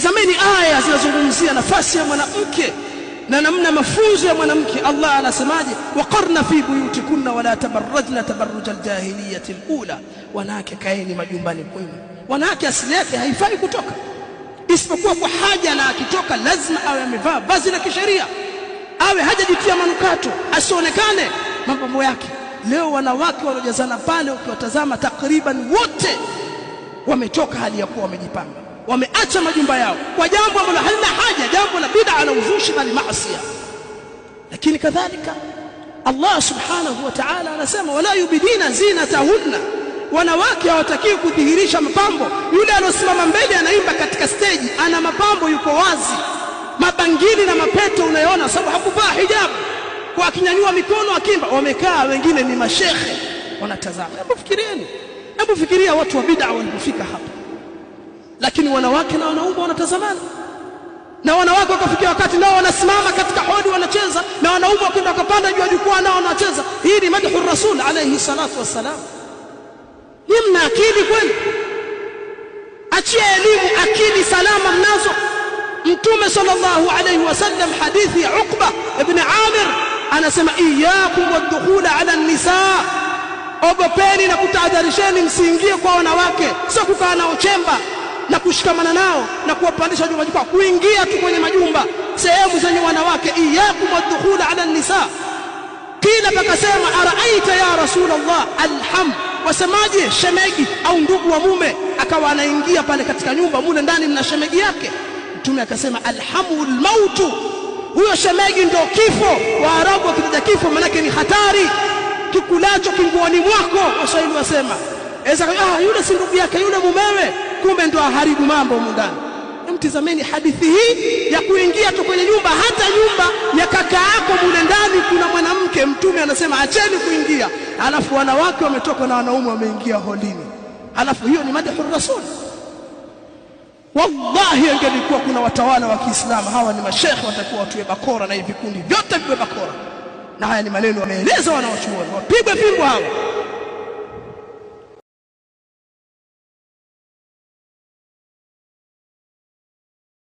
Tizameni aya zinazungumzia nafasi ya mwanamke na namna mafunzo ya mwanamke. Allah anasemaje? waqarna fi buyutikunna wala tabarrajna tabarruja aljahiliyati alula, wanawake kaeni majumbani kwenu. Wanawake asili yake haifai kutoka isipokuwa kwa haja, na akitoka lazima awe amevaa vazi la kisheria, awe hajajitia manukato, asionekane mapambo yake. Leo wanawake wanaojazana pale, ukiwatazama takriban wote wametoka hali ya kuwa wamejipanga wameacha majumba yao kwa jambo ambalo halina haja, jambo la bid'a na uzushi na maasi. Lakini kadhalika Allah subhanahu wa ta'ala anasema wala yubidina zinatahunna, wanawake hawatakiwi kudhihirisha mapambo. Yule anayosimama mbele anaimba katika steji, ana mapambo, yuko wazi, mabangili na mapeto unayoona, sababu hakuvaa hijabu, kwa akinyanyua mikono akimba. Wamekaa wengine ni mashekhe wanatazama. Hebu fikirieni, hebu fikiria watu wa bid'a walipofika hapa lakini wanawake na wanaume wanatazamana, na wanawake wakafikia wakati nao wanasimama katika hodi wanacheza, na wanaume wakwenda wakapanda juu ya jukwaa nao wanacheza. Hii ni madhu Rasul alayhi salatu wassalam. Ni mna akili kweli? Achia elimu, akili salama mnazo. Mtume sallallahu alayhi wasallam, hadithi ya Uqba ibn Amir anasema, iyakum wadukhula ala nisaa Ogopeni na kutahadharisheni, msiingie kwa wanawake, sio kukaa nao chemba na kushikamana nao na kuwapandisha juu majumba, kuingia tu kwenye majumba sehemu zenye wanawake, iyakum waddukhula ala nisa. Kila pakasema araaita ya Rasulullah alham, wasemaje? Shemegi au ndugu wa mume, akawa anaingia pale katika nyumba, mule ndani mna shemegi yake. Mtume akasema alhamu lmautu, huyo shemegi ndio kifo. Waarabu wakitaja kifo manake ni hatari, kikulacho kinguoni mwako. Waswahili wasema, ah, yule si ndugu yake, yule mumewe kumbe ndo aharibu mambo humu ndani. Mtizameni hadithi hii ya kuingia tu kwenye nyumba, hata nyumba ya kaka yako mule ndani kuna mwanamke. Mtume anasema acheni kuingia, alafu wanawake wametoka na wanaume wameingia holini, alafu hiyo ni madhu rasul. Wallahi, angelikuwa kuna watawala wa Kiislamu, hawa ni mashekhe, watakuwa watuwe bakora na hivi vikundi vyote viwe bakora. Na haya ni maneno wameeleza wanawachuoni, wapigwe fimbo hawa.